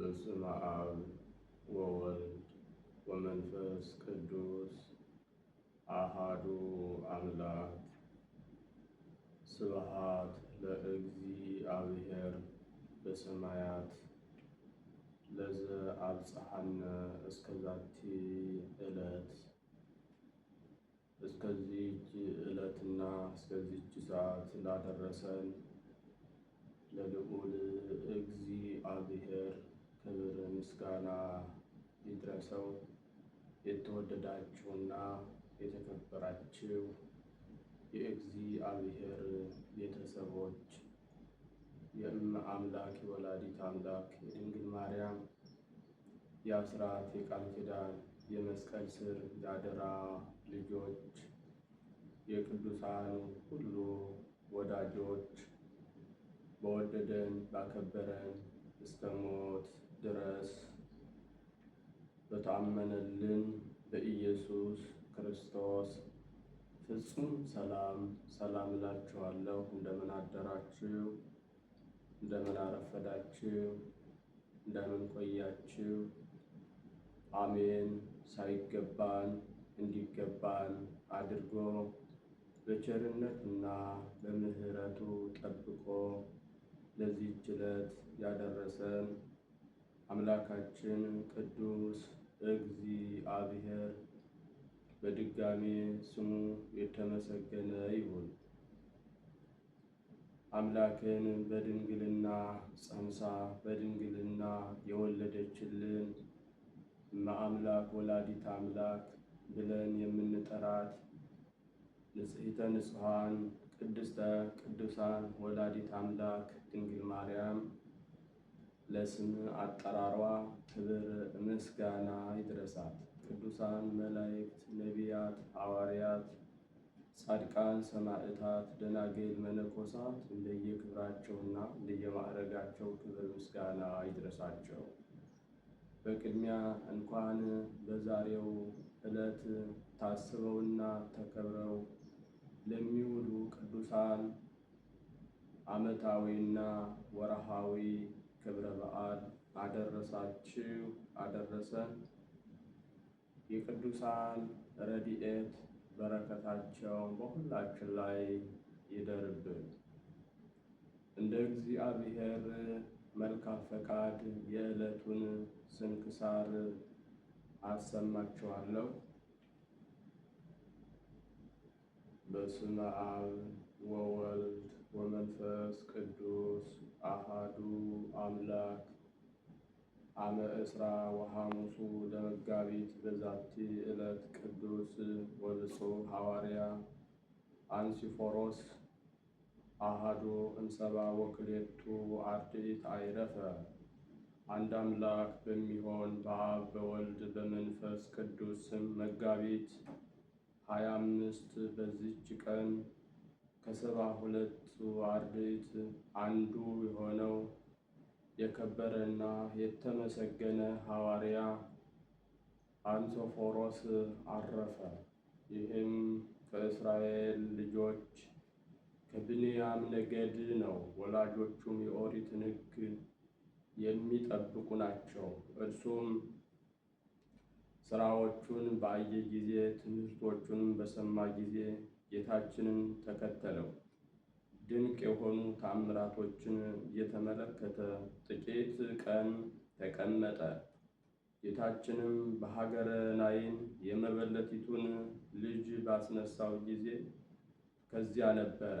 በስመ አብ ወወልድ ወመንፈስ ቅዱስ አሃዱ አምላክ ስብሃት ለእግዚአብሔር በሰማያት ለዘ አብጽሐነ እስከዛቲ ዕለት እስከዚህች ዕለትና እስከዚህች ሰዓት ላደረሰን ለልዑል እግዚአብሔር ክብር ምስጋና ይድረሰው። የተወደዳችሁና የተከበራችሁ የእግዚአብሔር ቤተሰቦች የእመ አምላክ የወላዲት አምላክ የድንግል ማርያም የአስራት የቃል ኪዳን የመስቀል ስር የአደራ ልጆች የቅዱሳን ሁሉ ወዳጆች በወደደን ባከበረን እስከ ሞት ድረስ በታመነልን በኢየሱስ ክርስቶስ ፍጹም ሰላም ሰላም እላችኋለሁ። እንደምን አደራችሁ? እንደምን አረፈዳችሁ? እንደምን ቆያችሁ? አሜን። ሳይገባን እንዲገባን አድርጎ በቸርነትና በምሕረቱ ጠብቆ ለዚህች ዕለት ያደረሰን አምላካችን ቅዱስ እግዚአብሔር በድጋሜ ስሙ የተመሰገነ ይሁን። አምላክን በድንግልና ጸንሳ በድንግልና የወለደችልን ማአምላክ ወላዲት አምላክ ብለን የምንጠራት ንጽሕተ ንጹሐን ቅድስተ ቅዱሳን ወላዲት አምላክ ድንግል ማርያም ለስም አጠራሯ ክብር ምስጋና ይድረሳት። ቅዱሳን መላእክት፣ ነቢያት፣ ሐዋርያት፣ ጻድቃን፣ ሰማዕታት፣ ደናግል፣ መነኮሳት እንደየክብራቸውና እንደየማዕረጋቸው ክብር ምስጋና ይድረሳቸው። በቅድሚያ እንኳን በዛሬው ዕለት ታስበውና ተከብረው ለሚውሉ ቅዱሳን ዓመታዊና ወርሃዊ ክብረ በዓል አደረሳችሁ አደረሰን። የቅዱሳን ረድኤት በረከታቸው በሁላችን ላይ ይደርብን። እንደ እግዚአብሔር መልካም ፈቃድ የዕለቱን ስንክሳር አሰማችኋለሁ። በስመ አብ ወወልድ ወመንፈስ ቅዱስ አሃዱ አምላክ አመ እስራ ወሐሙሱ ለመጋቢት በዛቲ ዕለት ቅዱስ ወብፁዕ ሐዋርያ አንሲፎሮስ አሃዱ እምሰባ ወክሌቱ አርድእት አይረፈ። አንድ አምላክ በሚሆን በአብ በወልድ በመንፈስ ቅዱስ ስም መጋቢት ሀያ አምስት በዚች ቀን ከሰባ ሁለቱ አርድእት አንዱ የሆነው የከበረና የተመሰገነ ሐዋርያ አንሶፎሮስ አረፈ። ይህም ከእስራኤል ልጆች ከብንያም ነገድ ነው። ወላጆቹም የኦሪትን ሕግ የሚጠብቁ ናቸው። እርሱም ስራዎቹን ባየ ጊዜ ትምህርቶቹንም በሰማ ጊዜ ጌታችንን ተከተለው። ድንቅ የሆኑ ታምራቶችን እየተመለከተ ጥቂት ቀን ተቀመጠ። ጌታችንም በሀገረ ናይን የመበለቲቱን ልጅ ባስነሳው ጊዜ ከዚያ ነበረ።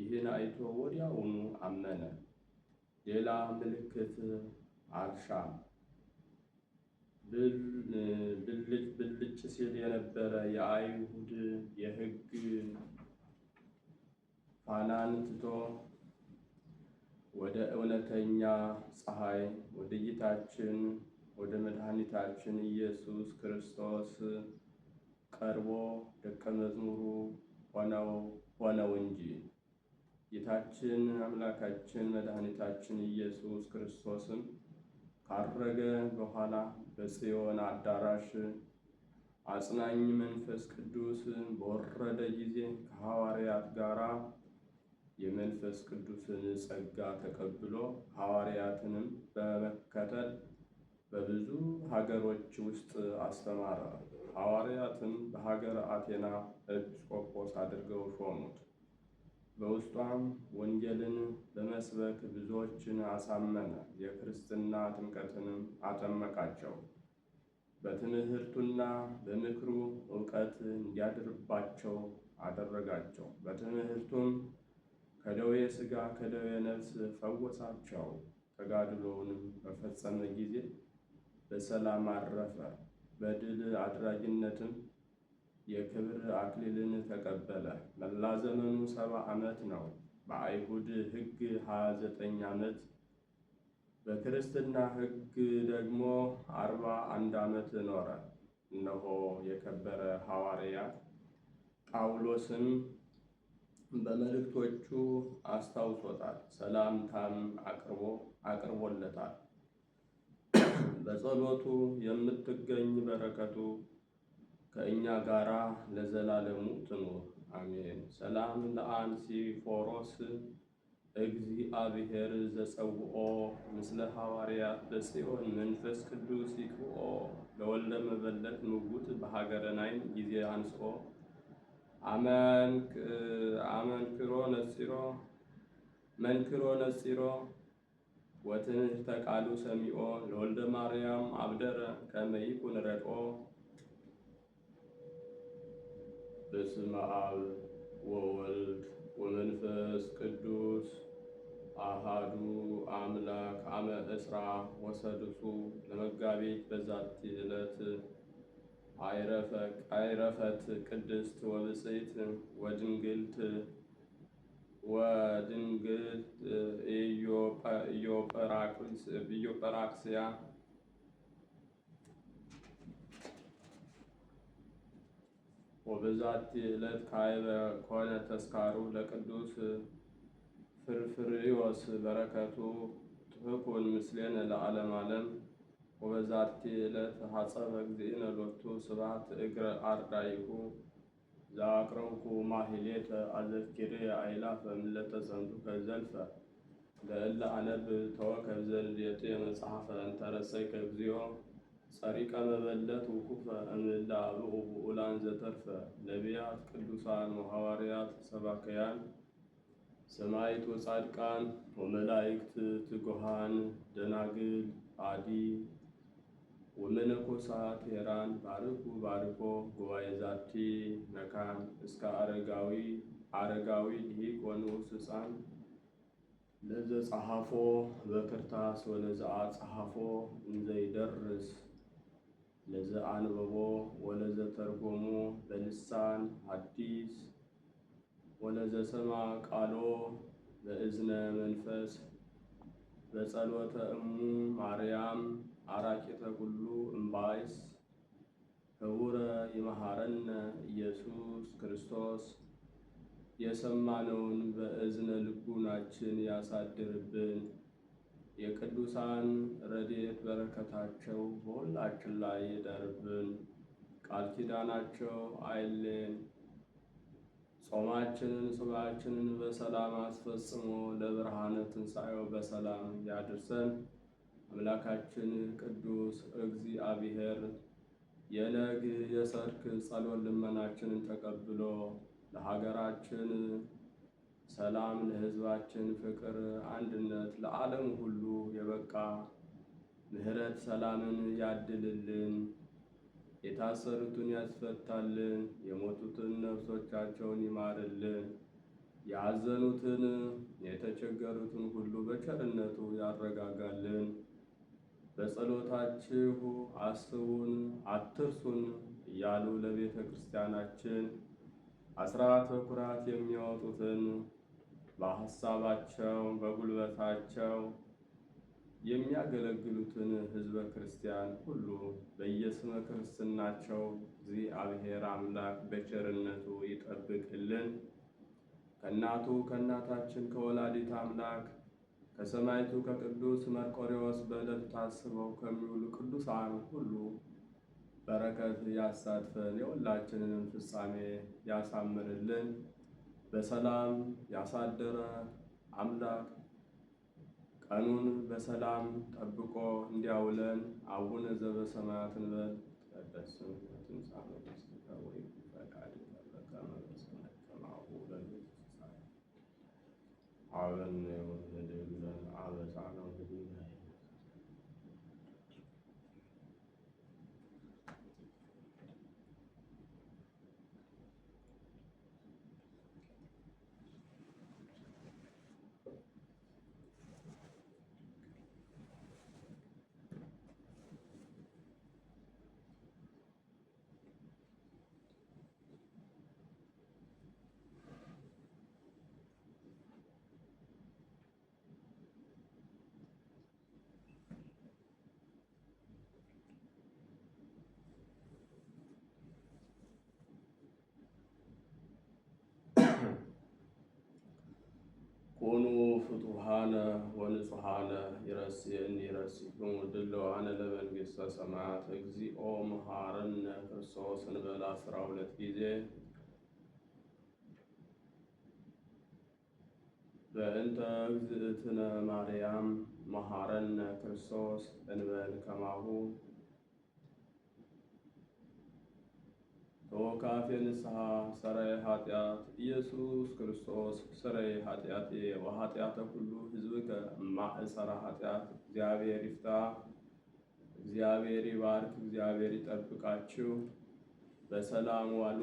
ይህን አይቶ ወዲያውኑ አመነ። ሌላ ምልክት አልሻም። ብልጭ ሲል የነበረ የአይሁድ የሕግ ፋናን ትቶ ወደ እውነተኛ ፀሐይ ወደ ጌታችን ወደ መድኃኒታችን ኢየሱስ ክርስቶስ ቀርቦ ደቀ መዝሙሩ ሆነው ሆነው እንጂ ጌታችን አምላካችን መድኃኒታችን ኢየሱስ ክርስቶስም ካረገ በኋላ በጽዮን አዳራሽ አጽናኝ መንፈስ ቅዱስ በወረደ ጊዜ ከሐዋርያት ጋር የመንፈስ ቅዱስን ጸጋ ተቀብሎ ሐዋርያትንም በመከተል በብዙ ሀገሮች ውስጥ አስተማረ። ሐዋርያትን በሀገር አቴና ኤጲስቆጶስ አድርገው ሾሙት። በውስጧም ወንጌልን በመስበክ ብዙዎችን አሳመነ፣ የክርስትና ጥምቀትንም አጠመቃቸው። በትምህርቱና በምክሩ እውቀት እንዲያድርባቸው አደረጋቸው። በትምህርቱም ከደዌ ሥጋ ከደዌ ነፍስ ፈወሳቸው። ተጋድሎውንም በፈጸመ ጊዜ በሰላም አረፈ። በድል አድራጊነትም የክብር አክሊልን ተቀበለ። መላ ዘመኑ ሰባ ዓመት ነው። በአይሁድ ሕግ 29 ዓመት፣ በክርስትና ሕግ ደግሞ 41 ዓመት ኖረ። እነሆ የከበረ ሐዋርያ ጳውሎስም በመልእክቶቹ አስታውሶታል፣ ሰላምታም አቅርቦ አቅርቦለታል። በጸሎቱ የምትገኝ በረከቱ ከእኛ ጋራ ለዘላለሙ ትኑር አሜን። ሰላም ለአንሲፎሮስ እግዚአብሔር ዘጸውኦ ምስለ ሐዋርያት በጽዮን መንፈስ ቅዱስ ይቅብኦ ለወልደ መበለት ምውት በሀገረ ናይን ጊዜ አንጽኦ አመንክሮ ነጺሮ መንክሮ ነጺሮ ወትንህ ተቃሉ ሰሚኦ ለወልደ ማርያም አብደረ ከመይኩን ረድኦ በስመ አብ ወወልድ ወመንፈስ ቅዱስ አሃዱ አምላክ አመ እስራ ወሰድሱ ለመጋቢት በዛቲ ዕለት አይረፈት ቅድስት ወብፅዕት ወድንግልት ወድንግል ኢዮጵራቅስያ ወበዛት ዕለት ካይበ ኮነ ተስካሩ ለቅዱስ ፍርፍርዮስ በረከቱ ትሕኩን ምስሌነ ለዓለም ዓለም። ወበዛቲ ዕለት ሐጸበ እግዚእነ ሎቱ ስብሐት እግረ አርዳይሁ ዘአቅረብኩ ማሕሌተ አዘኪሬ አእላፈ እምለተ ሰንዱቀ ዘልፈ ለእለ አነብብ ተወከብ ዘንዴጤ መጽሐፈ እንተረሰይከ እግዚኦ ጸሪቀ መበለት ውኩፈ እምላ አብኡ ብኡላን ዘተርፈ ነቢያት፣ ቅዱሳን ወሐዋርያት፣ ሰባከያን፣ ሰማይት ወጻድቃን ወመላእክት ትጉሃን ደናግል አዲ ወመነኮሳት ሄራን ባርኩ ባርኮ ጉባኤ ዛቲ ነካን እስከ አረጋዊ አረጋዊ ዲቆኑ ስጻን ለዘ ጸሐፎ በክርታስ ወለዘ አጸሐፎ እንዘይደርስ ለዘ አንበቦ ወለዘ ተርጎሞ በልሳን ሐዲስ ወለዘ ሰማ ቃሎ በእዝነ መንፈስ በጸሎተ እሙ ማርያም አራቂተ ኩሉ እምባይስ ክቡረ ይመሐረነ ኢየሱስ ክርስቶስ የሰማነውን በእዝነ ልቡናችን ያሳድርብን። የቅዱሳን ረድኤት በረከታቸው በሁላችን ላይ ይደርብን። ቃል ኪዳናቸው አይሌን። ጾማችንን ሱባችንን በሰላም አስፈጽሞ ለብርሃነ ትንሣኤው በሰላም ያድርሰን። አምላካችን ቅዱስ እግዚአብሔር የነግ የሰርክ ጸሎት ልመናችንን ተቀብሎ ለሀገራችን ሰላም ለሕዝባችን፣ ፍቅር አንድነት ለዓለም ሁሉ የበቃ ምሕረት ሰላምን ያድልልን፣ የታሰሩትን ያስፈታልን፣ የሞቱትን ነፍሶቻቸውን ይማርልን፣ ያዘኑትን የተቸገሩትን ሁሉ በቸርነቱ ያረጋጋልን። በጸሎታችሁ አስቡን አትርሱን እያሉ ለቤተ ክርስቲያናችን አስራት በኩራት የሚያወጡትን በሐሳባቸው በጉልበታቸው የሚያገለግሉትን ሕዝበ ክርስቲያን ሁሉ በየስመ ክርስትናቸው እግዚአብሔር አምላክ በቸርነቱ ይጠብቅልን። ከእናቱ ከእናታችን ከወላዲት አምላክ ከሰማይቱ ከቅዱስ መርቆሬዎስ በዕለቱ ታስበው ከሚውሉ ቅዱሳን ሁሉ በረከት ያሳትፈን፣ የሁላችንንም ፍጻሜ ያሳምርልን። በሰላም ያሳደረ አምላክ ቀኑን በሰላም ጠብቆ እንዲያውለን አቡነ ዘበሰማያት እንበል። ይትቀደስ ስምከ ወይኩን ፈቃድከ በከመ በሰማይ ከማሁ በምድር አበነ ወኅድግ ለነ ፍቱሃነ ወንጹሃነ ይረስየኒ ይረሲኩሙ ድለዋነ ለመንግሥተ ሰማያት እግዚኦ መሐረነ ክርስቶስ እንበል አስራ ሁለት ጊዜ በእንተ እግዝእትነ ማርያም መሐረነ ክርስቶስ እንበል ከማሁ ከወካፌ ንስሐ ሰራይ ኃጢአት ኢየሱስ ክርስቶስ ሰራይ ኃጢአቴ ወኃጢአተ ሁሉ ህዝብ ከማእሰራ ኃጢአት እግዚአብሔር ይፍታ። እግዚአብሔር ይባርክ። እግዚአብሔር ይጠብቃችሁ። በሰላም ዋሉ።